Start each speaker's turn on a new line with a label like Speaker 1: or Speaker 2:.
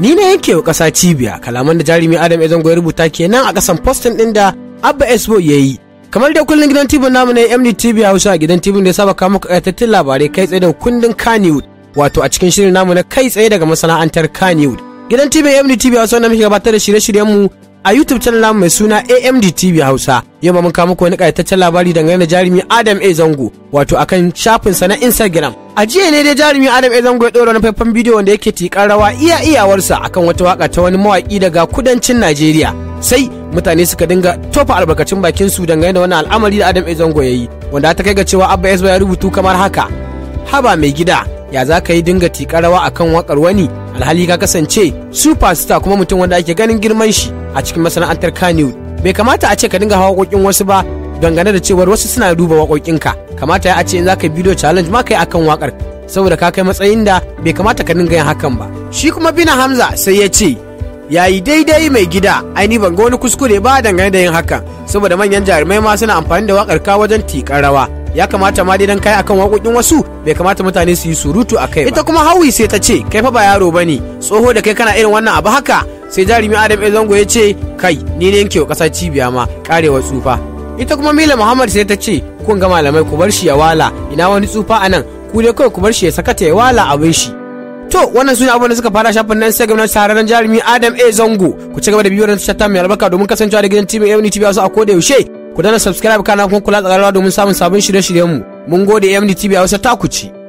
Speaker 1: ni na yanke wa ƙasa cibiya kalaman da jarumi adam ezango ya rubuta kenan a ƙasan postin ɗin da abba esbo ya yi kamar da kullum gidan tv namu ne ya hausa gidan tv da ya saba kawo muku labarai kai tsaye da kundin kaniwood wato a cikin shirin namu na kai tsaye daga masana'antar kaniwood gidan tv ya hausa na muke gabatar da shirye-shiryenmu a YouTube channel namu mai suna AMD TV Hausa. Yau ma mun kawo muku wani ƙayataccen labari dangane da jarumi Adam A Zango wato akan shafin sa na Instagram. A jiya ne dai jarumi Adam A Zango ya ɗora wani faifan bidiyo wanda yake tiƙar rawa iya iyawarsa akan wata waka ta wani mawaƙi daga kudancin Najeriya. Sai mutane suka dinga tofa albarkacin bakin su dangane da wani al'amari da Adam A Zango ya yi wanda ta kai ga cewa Abba yesu ya rubutu kamar haka. Haba mai gida ya za ka yi dinga tiƙa rawa kan wakar wani alhali ka kasance superstar kuma mutum wanda ake ganin girman shi a cikin masana'antar kaniwood bai kamata a ce ka dinga hawa waƙoƙin wasu ba dangane da cewar wasu suna duba waƙoƙinka kamata ya a ce in za ka yi bidiyo challenge ma ka yi kan wakar saboda ka kai matsayin da bai kamata ka dinga yin hakan ba shi kuma bina hamza sai ya ce yayi daidai mai gida aini ban ga wani kuskure ba dangane da yin hakan saboda manyan jarumai ma suna amfani da wakar ka wajen tiƙar rawa ya kamata ma dai dan kai akan waƙoƙin wasu bai kamata mutane su yi surutu a kai ba. ita kuma hawi sai ta ce kai fa ba yaro bane tsoho da kai kana irin wannan abu haka sai jarumi adam zango ya ce kai ni ne yanke wa ƙasar cibiya ma karewa tsufa ita kuma mila muhammad sai ta ce kun ga malamai ku bar shi ya wala ina wani tsufa a nan ku dai kawai ku bar shi ya sakata ya wala abin shi To wannan sune abubuwan da suka fara shafin nan sai gwamnati tararen jarumi Adam A Zango ku ci gaba da biyo da ta mai albarka domin kasancewa da gidan TV Ebony TV a da yaushe. Ku dana subscribe kana kun kula da rawa domin samun sabon shirye-shiryenmu. Mun gode MDTV a a wasu takuci.